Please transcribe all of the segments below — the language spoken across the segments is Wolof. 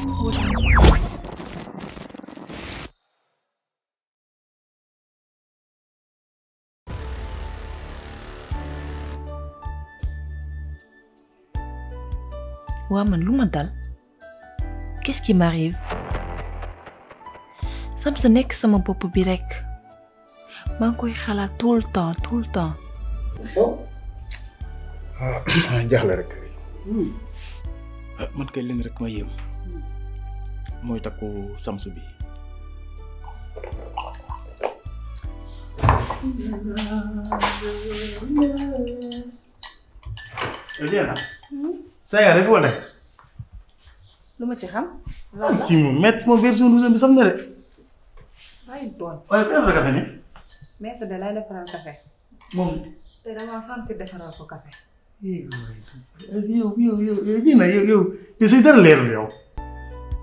waa man lu ma dal qu'est-ce qui nekk sama bopp bi rekk maa ngi koy xalaat tout le temps tout le ah, hmm. ah, man kay leen rekk ma yéem. mooy takku samsu bi. Eliana. saa yaa dafa nekk. lu ma ci xam. lan ah, la kii moom mett moom version douze bi sam na de. ay bon waaye ku defar ni. mett de lay defaral café. moom. te damaa sant defaral ko café. Eh, yow yow yow yow yow yow yow yow yow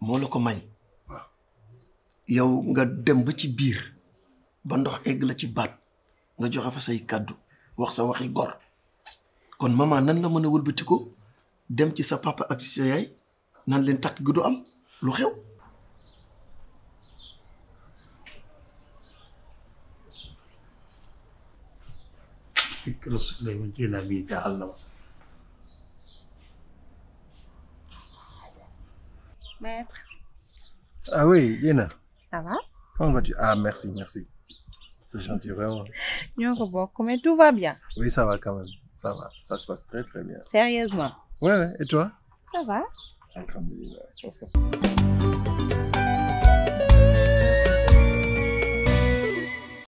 mo la ko may yow nga dem ba ci bir ba ndox egg la ci bat nga joxe fa say kaddu wax sa waxi gor kon mama nan la wul wulbitiko dem ci sa papa ak ci yaay nan len tak gi am lu xew lay ci bi ta allah Maître. Ah oui, Yéna. Ça va? Comment vas-tu? Ah, merci, merci. C'est gentil, vraiment. mais tout va bien. Oui, ça va quand même. Ça va. Ça se passe très, très bien. Sérieusement. Oui. et toi? Ça va.